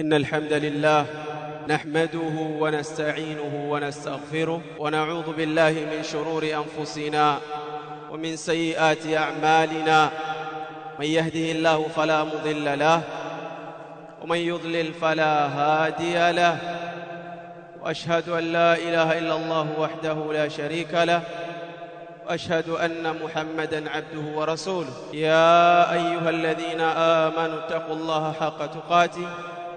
إن الحمد لله نحمده ونستعينه ونستغفره ونعوذ بالله من شرور أنفسنا ومن سيئات أعمالنا من يهده الله فلا مضل له ومن يضلل فلا هادي له وأشهد أن لا إله إلا الله وحده لا شريك له واشهد ان محمدا عبده ورسوله يا ايها الذين امنوا اتقوا الله حق تقاته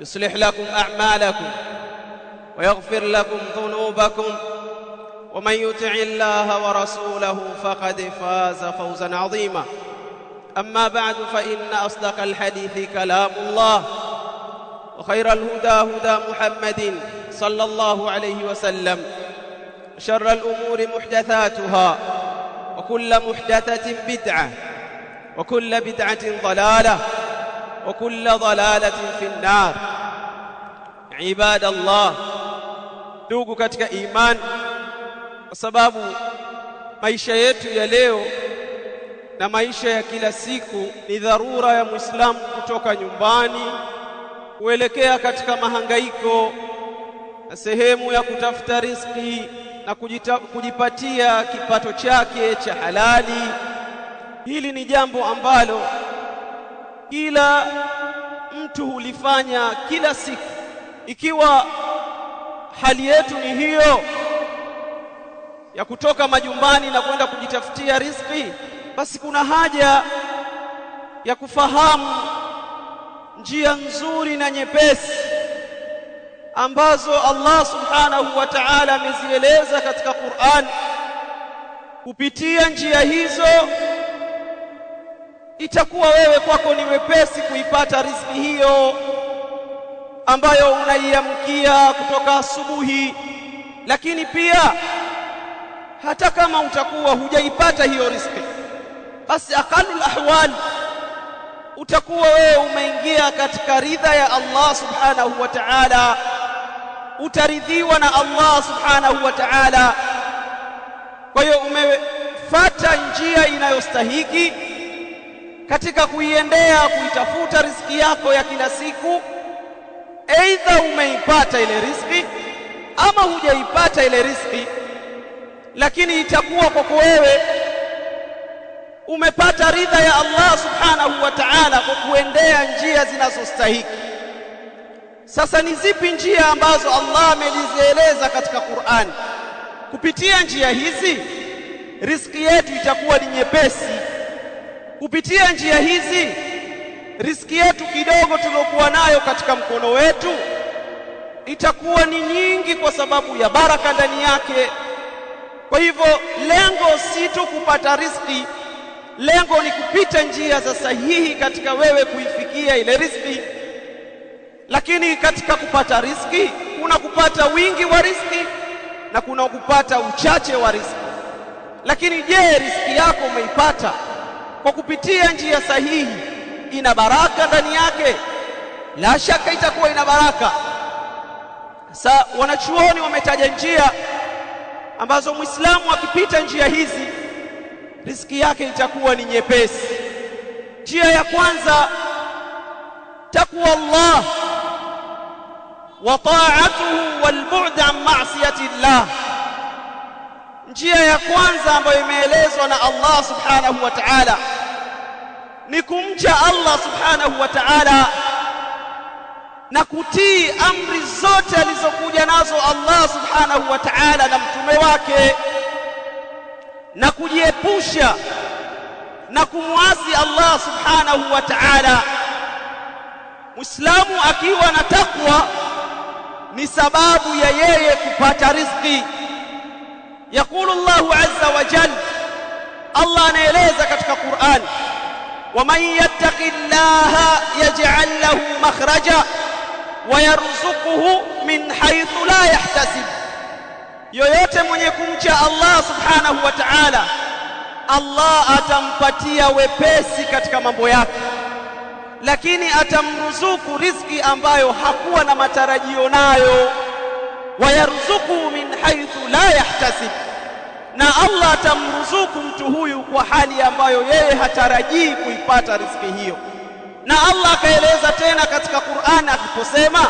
يصلح لكم أعمالكم ويغفر لكم ذنوبكم ومن يطع الله ورسوله فقد فاز فوزا عظيما أما بعد فإن أصدق الحديث كلام الله وخير الهدى هدى محمد صلى الله عليه وسلم شر الأمور محدثاتها وكل محدثة بدعة وكل بدعة ضلالة وكل ضلاله في النار عباد الله ndugu katika imani kwa sababu maisha yetu ya leo na maisha ya kila siku ni dharura ya Muislamu kutoka nyumbani kuelekea katika mahangaiko na sehemu ya kutafuta riziki na kujita, kujipatia kipato chake cha halali. Hili ni jambo ambalo kila mtu hulifanya kila siku. Ikiwa hali yetu ni hiyo ya kutoka majumbani na kwenda kujitafutia riziki, basi kuna haja ya kufahamu njia nzuri na nyepesi ambazo Allah subhanahu wa ta'ala amezieleza katika Qur'an. Kupitia njia hizo itakuwa wewe kwako ni wepesi kuipata riziki hiyo ambayo unaiamkia kutoka asubuhi. Lakini pia hata kama utakuwa hujaipata hiyo riziki, basi aqalul ahwali utakuwa wewe umeingia katika ridha ya Allah subhanahu wa ta'ala, utaridhiwa na Allah subhanahu wa ta'ala. Kwa hiyo umefuata njia inayostahiki katika kuiendea kuitafuta riziki yako ya kila siku, aidha umeipata ile riziki ama hujaipata ile riziki, lakini itakuwa kwako wewe umepata ridha ya Allah subhanahu wa ta'ala kwa kuendea njia zinazostahiki. Sasa ni zipi njia ambazo Allah amelizieleza katika Qur'ani? Kupitia njia hizi riziki yetu itakuwa ni nyepesi Kupitia njia hizi riski yetu kidogo tuliokuwa nayo katika mkono wetu itakuwa ni nyingi kwa sababu ya baraka ndani yake. Kwa hivyo lengo si tu kupata riski, lengo ni kupita njia za sahihi katika wewe kuifikia ile riski Lakini katika kupata riski kuna kupata wingi wa riski na kuna kupata uchache wa riski Lakini je, riski yako umeipata? kwa kupitia njia sahihi ina baraka ndani yake, la shaka itakuwa ina baraka. Sasa wanachuoni wametaja njia ambazo Muislamu akipita njia hizi riziki yake itakuwa ni nyepesi. Njia ya kwanza, takwa Allah wa ta'atuhu wal bu'd an ma'siyati Allah. Njia ya kwanza ambayo imeelezwa na Allah subhanahu wa ta'ala ni kumcha Allah subhanahu wa ta'ala na kutii amri zote alizokuja nazo Allah subhanahu wa ta'ala na mtume wake na kujiepusha na kumwasi Allah subhanahu wa ta'ala. Muislamu akiwa na takwa ni sababu ya yeye kupata riziki. Yaqulu Allahu azza wa jalla, Allah anaeleza katika Qur'ani ومن يتق الله يجعل له مخرجا ويرزقه من حيث لا يحتسب yoyote mwenye kumcha Allah subhanahu wa ta'ala Allah atampatia wepesi katika mambo yake lakini atamruzuku riziki ambayo hakuwa na matarajio nayo wayarzuku min haithu la yahtasib na Allah atamruzuku mtu huyu kwa hali ambayo yeye hatarajii kuipata riziki hiyo. Na Allah akaeleza tena katika qurani akiposema,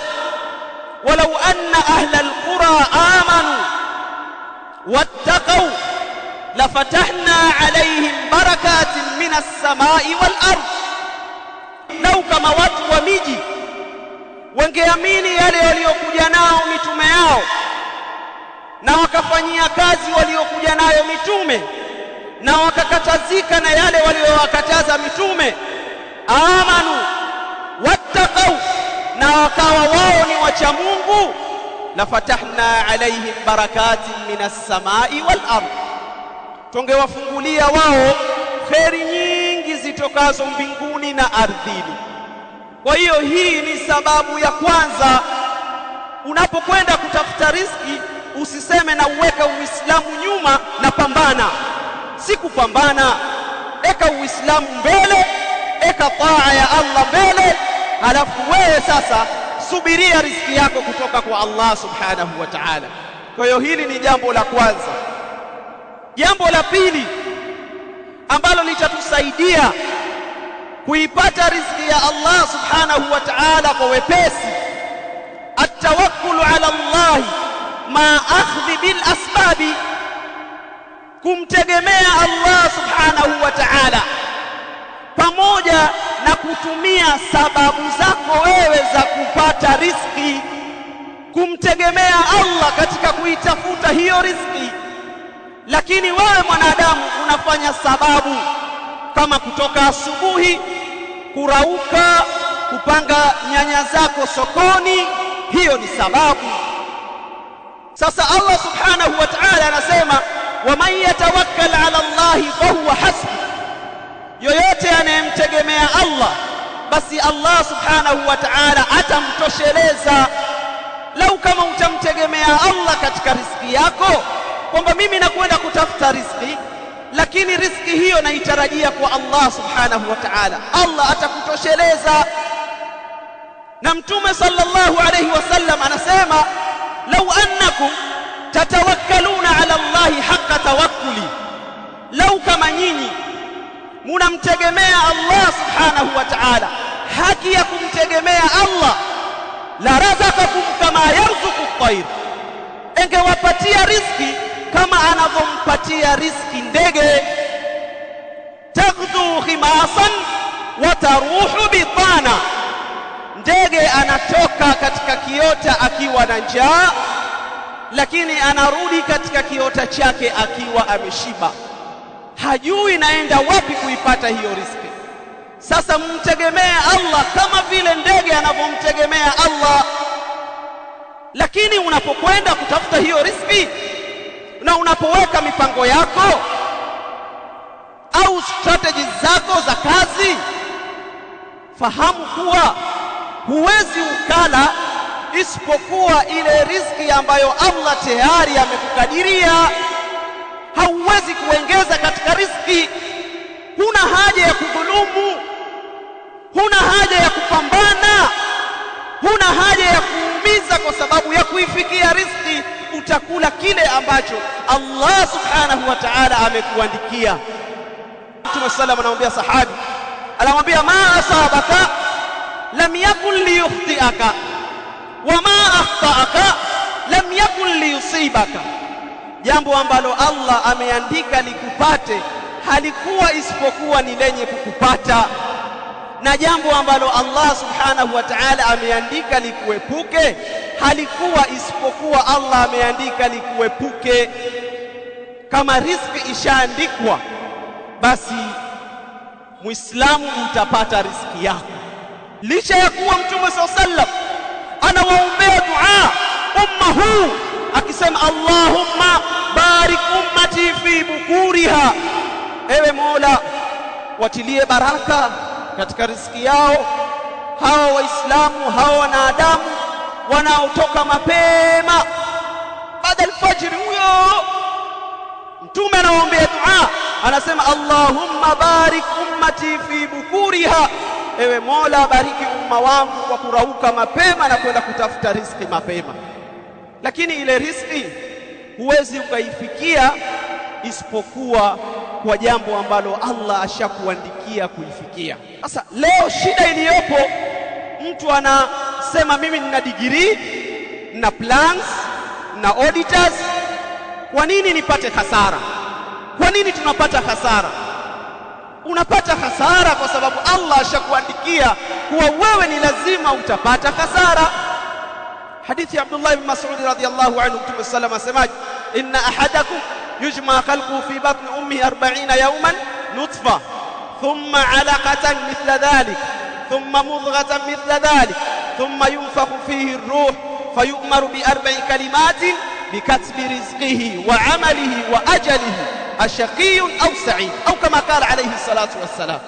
walau anna ahla alqura amanu wattaqau lafatahna alaihim barakatin min samai wal ardh nau kama watu wa miji wangeamini yale yaliyokuja nao mitume yao na wakafanyia kazi waliokuja nayo mitume na wakakatazika na yale waliowakataza mitume. Amanu wattaqau, na wakawa wao ni wacha Mungu. fatahna alaihim barakatin minas samai wal ardh, tungewafungulia wao kheri nyingi zitokazo mbinguni na ardhini. Kwa hiyo hii ni sababu ya kwanza unapokwenda kutafuta riziki usiseme na uweke Uislamu nyuma na pambana. Si kupambana, eka Uislamu mbele, eka taa ya Allah mbele, halafu wewe sasa subiria riziki yako kutoka kwa Allah subhanahu wa ta'ala. Kwa hiyo hili ni jambo la kwanza. Jambo la pili ambalo litatusaidia kuipata riziki ya Allah subhanahu wa ta'ala kwa wepesi, at ala Allah ma akhdhi bil asbabi, kumtegemea Allah subhanahu wa ta'ala pamoja na kutumia sababu zako wewe za kupata riziki, kumtegemea Allah katika kuitafuta hiyo riziki. Lakini wewe mwanadamu unafanya sababu kama kutoka asubuhi, kurauka, kupanga nyanya zako sokoni, hiyo ni sababu sasa Allah subhanahu wa ta'ala anasema waman yatawakkal ala Allah fahuwa hasb yoyote anayemtegemea Allah basi Allah subhanahu wa ta'ala atamtosheleza lau kama utamtegemea Allah katika riziki yako kwamba mimi nakwenda kutafuta riziki lakini riziki hiyo naitarajia kwa Allah subhanahu wa ta'ala Allah atakutosheleza na mtume sallallahu alayhi wasallam anasema lau annakum tatawakkaluna ala Allahi haqqa tawakkuli, lau kama nyinyi munamtegemea Allah subhanahu wa haki ya kumtegemea Allah, la razaqakum kama yarzuqu at-tayr, engewapatia riziki kama anavompatia riziki ndege. Taghdhu khimasan wa taruhu bitana Ndege anatoka katika kiota akiwa na njaa, lakini anarudi katika kiota chake akiwa ameshiba. Hajui naenda wapi kuipata hiyo riziki. Sasa mtegemea Allah kama vile ndege anavyomtegemea Allah, lakini unapokwenda kutafuta hiyo riziki na unapoweka mipango yako au strategies zako za kazi, fahamu kuwa huwezi ukala isipokuwa ile riziki ambayo Allah tayari amekukadiria. Hauwezi kuongeza katika riziki. Huna haja ya kudhulumu, huna haja ya kupambana, huna haja ya kuumiza kwa sababu ya kuifikia riziki. Utakula kile ambacho Allah subhanahu wa ta'ala amekuandikia. Mtume sallallahu alayhi wasallam anamwambia sahabi, anamwambia ma asabaka lam yakun liyukhtiaka wama akhtaaka lam yakun liyusibaka, jambo ambalo Allah ameandika likupate halikuwa isipokuwa ni lenye kukupata, na jambo ambalo Allah subhanahu wa ta'ala ameandika likuepuke halikuwa isipokuwa Allah ameandika likuepuke. Kama riziki ishaandikwa, basi Muislamu mtapata riziki yako licha ya kuwa mtume saa sallam anawaombea dua umma huu akisema allahumma barik ummati fi bukuriha ewe mola watilie baraka katika riziki yao hawa waislamu hawa wanadamu wanaotoka mapema baada alfajiri huyo mtume anaombea dua anasema allahumma barik ummati fi bukuriha ewe Mola, bariki umma wangu kwa kurauka mapema na kwenda kutafuta riziki mapema. Lakini ile riziki huwezi ukaifikia isipokuwa kwa jambo ambalo Allah ashakuandikia kuifikia. Sasa leo shida iliyopo, mtu anasema mimi nina degree, na plans, na auditors, kwa nini nipate hasara? Kwa nini tunapata hasara? unapata hasara kwa sababu Allah ashakuandikia kuwa wewe ni lazima utapata hasara. Hadithi ya Abdullah ibn Mas'ud radhiyallahu anhu, Mtume sallam asemaje, inna ahadakum yujma khalquhu fi batni ummi 40 yawman nutfa thumma alaqatan mithla dhalik thumma mudghatan mithla dhalik thumma yunfakhu fihi ar-ruh fayu'maru bi arba'i kalimatin bikatbi rizqihi wa amalihi wa ajalihi ashaqiyun au said au kama qala alayhi salatu wassalam.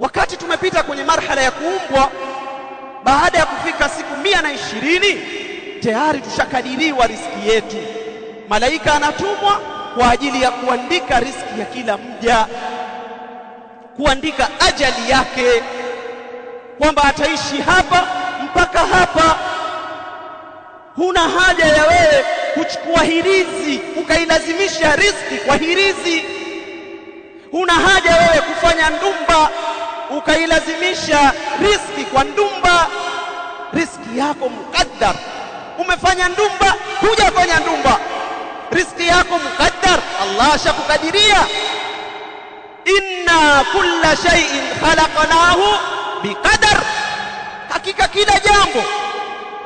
Wakati tumepita kwenye marhala ya kuumbwa, baada ya kufika siku mia na ishirini tayari tushakadiriwa riski yetu. Malaika anatumwa kwa ajili ya kuandika riski ya kila mja, kuandika ajali yake kwamba ataishi hapa mpaka hapa. Huna haja ya wewe kuchukua hirizi ukailazimisha riziki kwa hirizi. Huna haja wewe kufanya ndumba ukailazimisha riziki kwa ndumba. Riziki yako mukaddar, umefanya ndumba, hujafanya ndumba, riziki yako mukaddar, Allah ashakukadiria. Inna kulla shay'in khalaqnahu biqadar, hakika kila jambo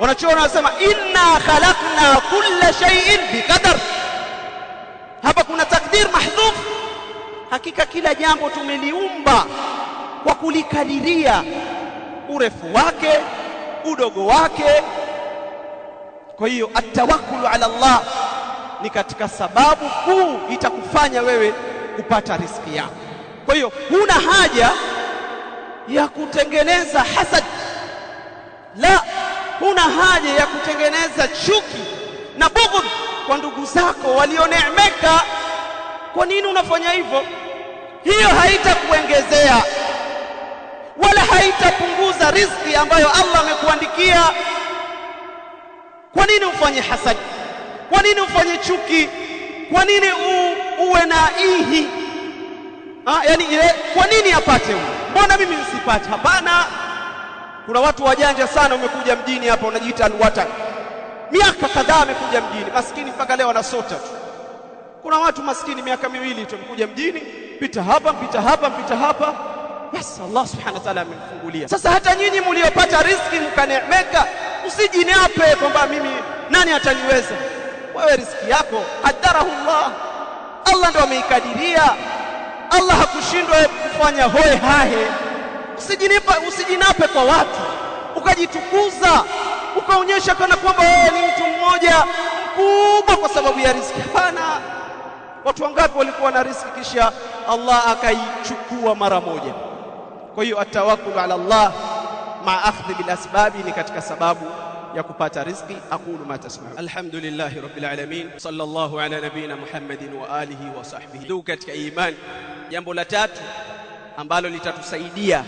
wanachoona wanasema inna khalaqna kulla shay'in biqadar. Hapa kuna takdir mahdhuf, hakika kila jambo tumeliumba kwa kulikadiria urefu wake, udogo wake. Kwa hiyo atawakkulu ala Allah ni katika sababu kuu itakufanya wewe kupata riziki yako. Kwa hiyo huna haja ya kutengeneza hasad Huna haja ya kutengeneza chuki na bughudhi kwa ndugu zako walioneemeka. Kwa nini unafanya hivyo? Hiyo haitakuongezea wala haitapunguza riziki ambayo Allah amekuandikia. Kwa nini ufanye hasadi? Kwa nini ufanye chuki? Kwa nini uwe na ihi? Ah, yani ile, eh, kwa nini apate huyu, mbona mimi nisipate? Hapana. Kuna watu wajanja sana, umekuja mjini hapa unajiita alwatan, miaka kadhaa amekuja mjini, maskini mpaka leo anasota tu. Kuna watu maskini miaka miwili tu amekuja mjini, mpita hapa mpita hapa mpita hapa, basi Allah subhanahu wa ta'ala amemfungulia. Sasa hata nyinyi mliopata riziki mkaneemeka, usijineape kwamba mimi nani ataniweza. Wewe riziki yako qadarahu Allah, Allah ndo ameikadiria. Allah hakushindwa kufanya hoe hahe Usijinipa, usijinape kwa watu ukajitukuza ukaonyesha kana kwamba wewe ni mtu mmoja mkubwa kwa sababu ya riziki. Hapana, watu wangapi walikuwa na riziki kisha Allah akaichukua mara moja? Kwa hiyo atawakulu ala Allah maa akhdhi bil asbabi ni katika sababu ya kupata riziki. aqulu ma tasma'un, alhamdulillahi rabbil alamin, sallallahu ala nabina Muhammadin wa alihi wa sahbihi. Katika imani, jambo la tatu ambalo litatusaidia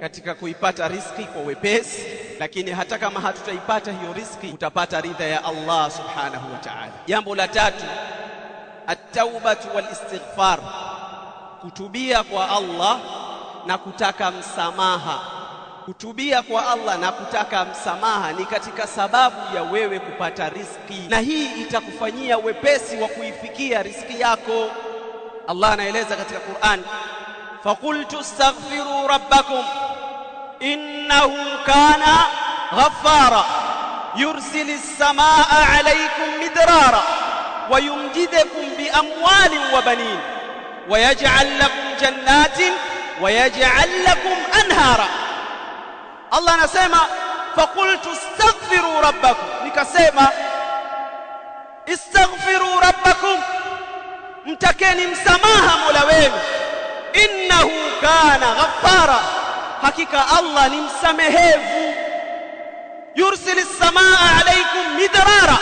katika kuipata riziki kwa wepesi, lakini hata kama hatutaipata hiyo riziki, utapata ridha ya Allah subhanahu wa ta'ala. Jambo la tatu, at-taubatu wal istighfar, kutubia kwa Allah na kutaka msamaha. Kutubia kwa Allah na kutaka msamaha ni katika sababu ya wewe kupata riziki, na hii itakufanyia wepesi wa kuifikia riziki yako. Allah anaeleza katika Qur'an فقلت استغفروا ربكم إنه كان غفارا يرسل السماء عليكم مدرارا ويمجدكم بأموال وبنين ويجعل لكم جنات ويجعل لكم أنهارا الله نسيما فقلت استغفروا ربكم نكسيما استغفروا ربكم متكين سماها mola innahu kana ghaffara, hakika Allah ni msamehevu. Yursilis samaa alaikum midrara,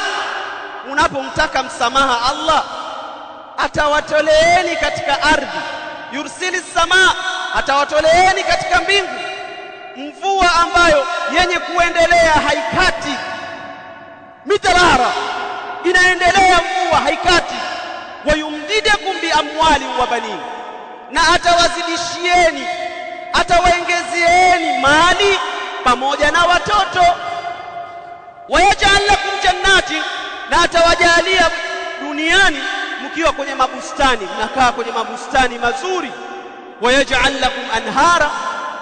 unapomtaka msamaha Allah atawatoleeni katika ardhi. Yursilis samaa, atawatoleeni katika mbingu mvua ambayo yenye kuendelea haikati. mitarara inaendelea mvua haikati. Wayumdidakum amwali wa banini na atawazidishieni, atawaongezieni mali pamoja na watoto. Wayajal lakum jannati, na atawajalia duniani mkiwa kwenye mabustani, mnakaa kwenye mabustani mazuri. Wayajal lakum anhara,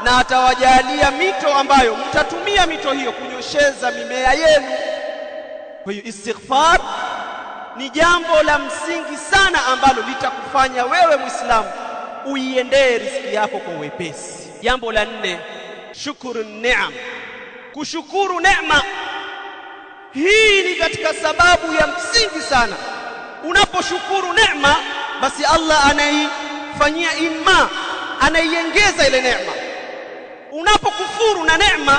na atawajalia mito ambayo mtatumia mito hiyo kunyosheza mimea yenu. Kwa hiyo istighfar ni jambo la msingi sana ambalo litakufanya wewe Muislamu uiendee riziki yako kwa uwepesi. Jambo la nne, shukuru neema, kushukuru neema. Hii ni katika sababu ya msingi sana. Unaposhukuru neema, basi Allah anaifanyia imma, anaiongeza ile neema. Unapokufuru na neema,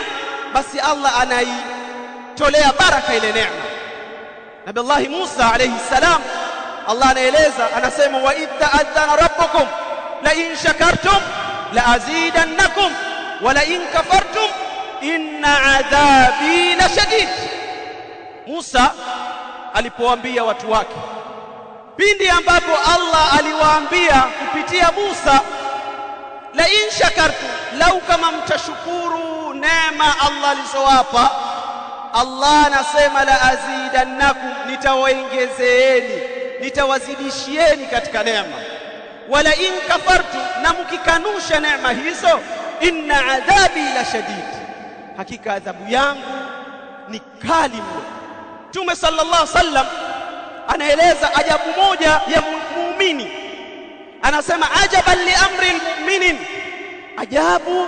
basi Allah anaitolea baraka ile neema. Nabii Allah Musa alayhi salam, Allah anaeleza anasema, wa idh ta'adhana rabbukum la in shakartum la azidannakum wa la in kafartum inna adhabi lashadid Musa alipoambia watu wake, pindi ambapo Allah aliwaambia kupitia Musa, la in shakartum, lau kama mtashukuru neema Allah alizowapa Allah anasema la azidannakum, nitawaongezeeni, nitawazidishieni katika neema wala in kafartu, na mkikanusha neema hizo, inna adhabi la shadid, hakika adhabu yangu ni kali mno. Mtume sallallahu alaihi wasallam anaeleza ajabu moja ya muumini, anasema ajaban li amri lmuminin, ajabu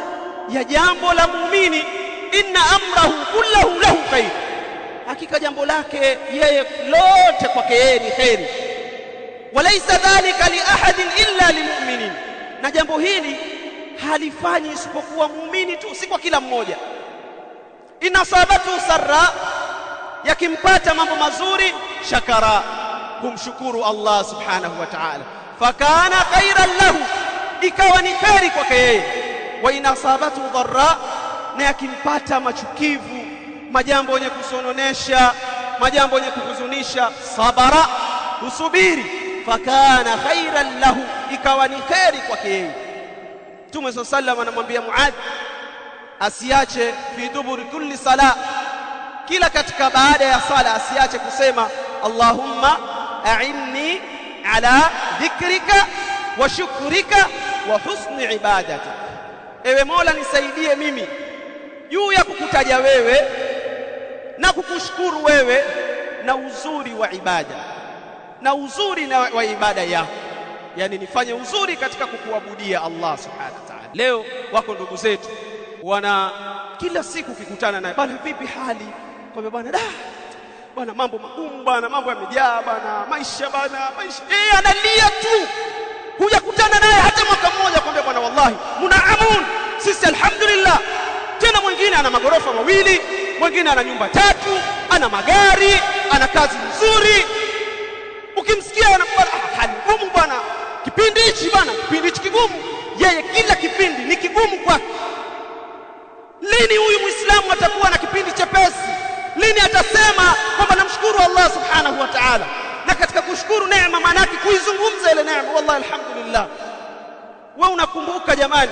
ya jambo la muumini, inna amrahu kullahu lahu khair, hakika jambo lake yeye lote kwake yeye ni kheri walaisa dhalika liahadin illa limuminin na jambo hili halifanyi isipokuwa muumini tu, si kwa kila mmoja. Inasabatu sarra, yakimpata mambo mazuri, shakara, kumshukuru Allah subhanahu wa ta'ala, fakana khairan lahu, ikawa ni kheri kwake yeye. Wa inasabatu dharra, na yakimpata machukivu, majambo yenye kusononesha, majambo yenye kuhuzunisha, sabara, husubiri fakana khairan lahu, ikawa ni kheri kwake yeye. Mtume saa salam anamwambia Muadh asiache fi duburi kulli sala, kila katika baada ya sala asiache kusema allahumma a'inni ala dhikrika wa shukrika wa husni ibadatik, ewe Mola nisaidie mimi juu ya kukutaja wewe na kukushukuru wewe na uzuri wa ibada na uzuri na wa ibada yako, yani nifanye uzuri katika kukuabudia Allah subhanahu wa ta'ala. Leo wako ndugu zetu wana kila siku kikutana naye, bana vipi hali? Kwa bwana da bwana, mambo magumu bwana, mambo yamejaa bwana, maisha bwana, maisha eh, analia tu. Hujakutana naye hata mwaka mmoja, kwambia bwana, wallahi munaamun sisi, alhamdulillah. Tena mwingine ana magorofa mawili, mwingine ana nyumba tatu, ana magari, ana kazi nzuri ukimsikia hali ngumu bwana, kipindi hichi bwana, kipindi hichi kigumu. Yeye kila kipindi ni kigumu kwake. Lini huyu Muislamu atakuwa na kipindi chepesi? Lini atasema kwamba namshukuru Allah subhanahu wa ta'ala? Na katika kushukuru neema, maana kuizungumza ile neema, wallahi alhamdulillah. Wewe unakumbuka jamani,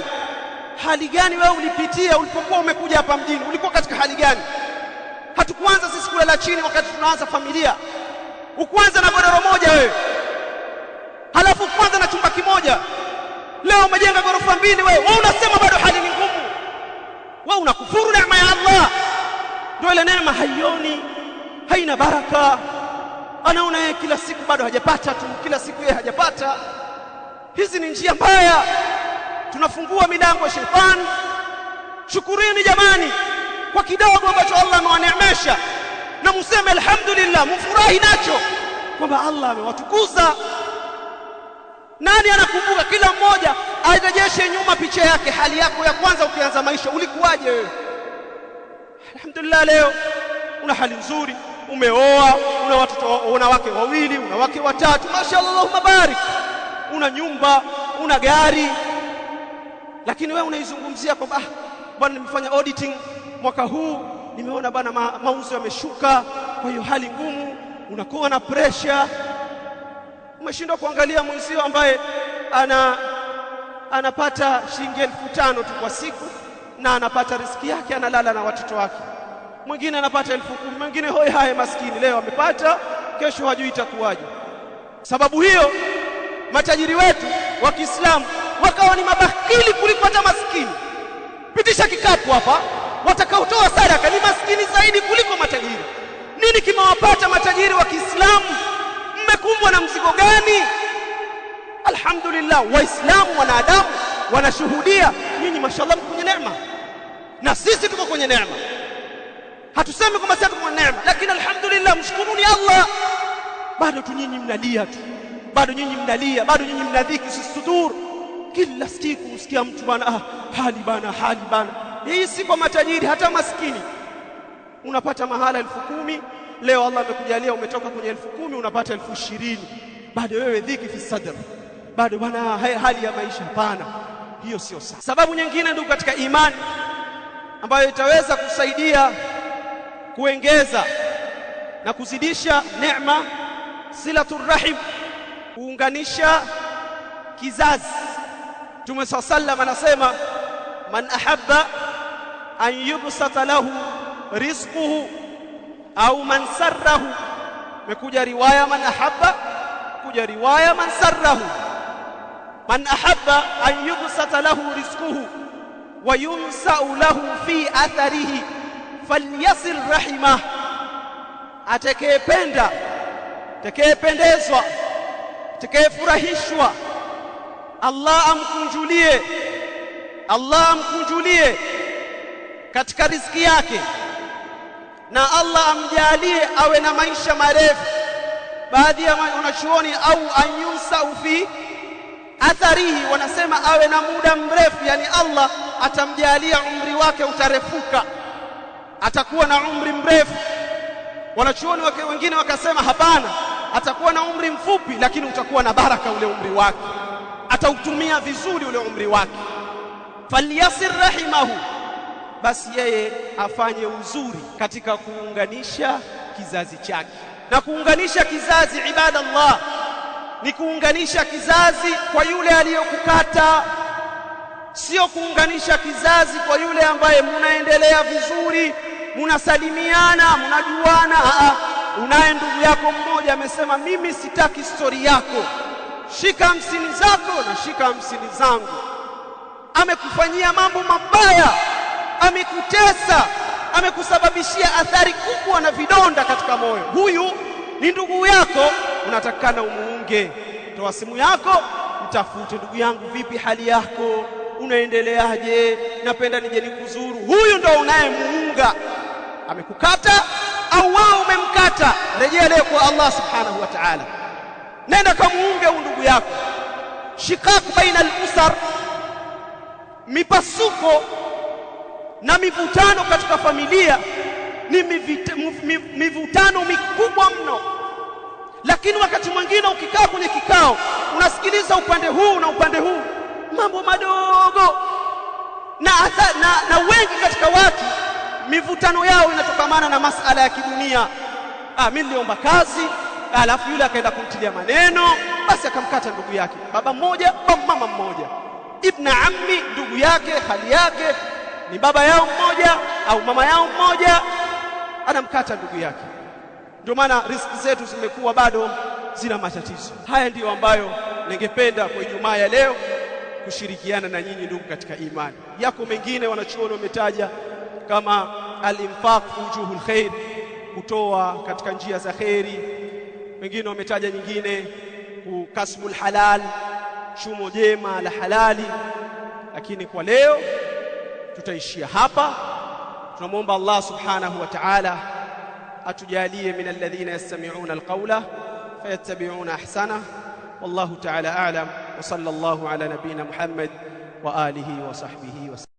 hali gani wewe ulipitia ulipokuwa umekuja hapa mjini? Ulikuwa katika hali gani? Hatukuanza sisi kulala chini wakati tunaanza familia ukuanza na godoro moja wewe halafu kwanza na chumba kimoja leo umejenga gorofa mbili wewe wewe unasema bado hali ni ngumu wewe unakufuru neema ya Allah ndio ile neema haioni haina baraka anaona yeye kila siku bado hajapata tu kila siku yeye hajapata hizi ni njia mbaya tunafungua milango ya shetani shukurini jamani kwa kidogo ambacho Allah amewaneemesha na museme alhamdulillah, mufurahi nacho kwamba Allah amewatukuza. Nani anakumbuka? Kila mmoja arejeshe nyuma picha yake, hali yako ya kwanza ukianza maisha, ulikuwaje wewe? Alhamdulillah, leo una hali nzuri, umeoa, una watoto, una wake wawili, una wake watatu, mashaallah, Allahumma una nyumba, una gari, lakini wewe unaizungumzia kwamba ah, bwana, nimefanya auditing mwaka huu nimeona bana ma, mauzo yameshuka, kwa hiyo hali ngumu, unakuwa na presha, umeshindwa kuangalia mwenzio ambaye ana anapata shilingi elfu tano tu kwa siku na anapata riziki yake, analala na watoto wake. Mwingine anapata elfu kumi mwingine hoi haye maskini leo amepata, kesho hajui itakuwaje. Sababu hiyo matajiri wetu wa Kiislamu wakawa ni mabakili kuliko hata maskini. Pitisha kikapu hapa watakaotoa sadaka ni maskini zaidi kuliko matajiri. Nini kimewapata matajiri wa Kiislamu? Mmekumbwa na mzigo gani? Alhamdulillah, Waislamu wanadamu wanashuhudia, nyinyi mashallah mko kwenye neema na sisi tuko kwenye neema. Hatusemi kwamba sisi tuko kwenye neema, lakini alhamdulillah, mshukuruni Allah. Bado tu nyinyi mnalia tu, bado nyinyi mnalia, bado nyinyi mnadhiki sudur. Kila siku usikia mtu bana, ah, hali bana, hali bana hii si kwa matajiri, hata maskini unapata mahala elfu kumi leo Allah amekujalia umetoka kwenye elfu kumi unapata elfu ishirini bado wewe dhiki fi sadr, bado bwana, hali ya maisha hapana. Hiyo sio sawa. Sababu nyingine ndugu, katika imani ambayo itaweza kusaidia kuengeza na kuzidisha neema, silatu rahim, kuunganisha kizazi. Mtume swalla sallam anasema man ahabba an yubsata lahu rizquhu au man sarrahu mekuja riwaya man ahabba kuja riwaya man sarrahu man ahabba an yubsata lahu rizquhu wa yunsau lahu fi atharihi falyasil rahimah atakayependa atakayependezwa atakayefurahishwa Allah amkunjulie Allah amkunjulie katika riziki yake na Allah amjalie awe na maisha marefu. Baadhi ya wanachuoni au anyusau fi atharihi, wanasema awe na muda mrefu, yani Allah atamjalia umri wake utarefuka, atakuwa na umri mrefu. Wanachuoni wengine wakasema hapana, atakuwa na umri mfupi, lakini utakuwa na baraka ule umri wake, atautumia vizuri ule umri wake. falyasir rahimahu basi yeye afanye uzuri katika kuunganisha kizazi chake. Na kuunganisha kizazi, ibadallah, ni kuunganisha kizazi kwa yule aliyokukata, sio kuunganisha kizazi kwa yule ambaye munaendelea vizuri, munasalimiana, munajuana. unaye ndugu yako mmoja amesema, mimi sitaki stori yako, shika hamsini zako na shika hamsini zangu, amekufanyia mambo mabaya amekutesa, amekusababishia athari kubwa na vidonda katika moyo, huyu ni ndugu yako, unatakana umuunge. Toa simu yako, mtafute, ndugu yangu, vipi hali yako, unaendeleaje? Napenda nije nikuzuru. Huyu ndo unayemuunga. Amekukata au wao umemkata, leo kwa Allah subhanahu wa ta'ala. Nenda kamuunge huyu ndugu yako. Shikaku baina al-usar, mipasuko na mivutano katika familia ni mivutano mikubwa mno, lakini wakati mwingine ukikaa kwenye kikao unasikiliza upande huu na upande huu, mambo madogo na, na, na wengi katika watu mivutano yao inatokamana na masala ya kidunia. Ah, mimi niliomba kazi, alafu yule akaenda kumtilia maneno, basi akamkata ndugu yake, baba mmoja, mama mmoja, ibna ammi, ndugu yake, hali yake ni baba yao mmoja au mama yao mmoja anamkata ndugu yake. Ndio maana riziki zetu zimekuwa bado zina matatizo. Haya ndiyo ambayo ningependa kwa Ijumaa ya leo kushirikiana na nyinyi ndugu katika imani. Yako mengine wanachuoni wametaja kama alimfaq infaq wujuhul khair, kutoa katika njia za kheri. Wengine wametaja nyingine kukasbul halal, chumo jema la halali. Lakini kwa leo tutaishia hapa tunamuomba Allah subhanahu wa ta'ala atujalie min alladhina yastami'una alqawla fayattabi'una ahsana wallahu ta'ala a'lam wa sallallahu ala nabina Muhammad wa alihi wa sahbihi wa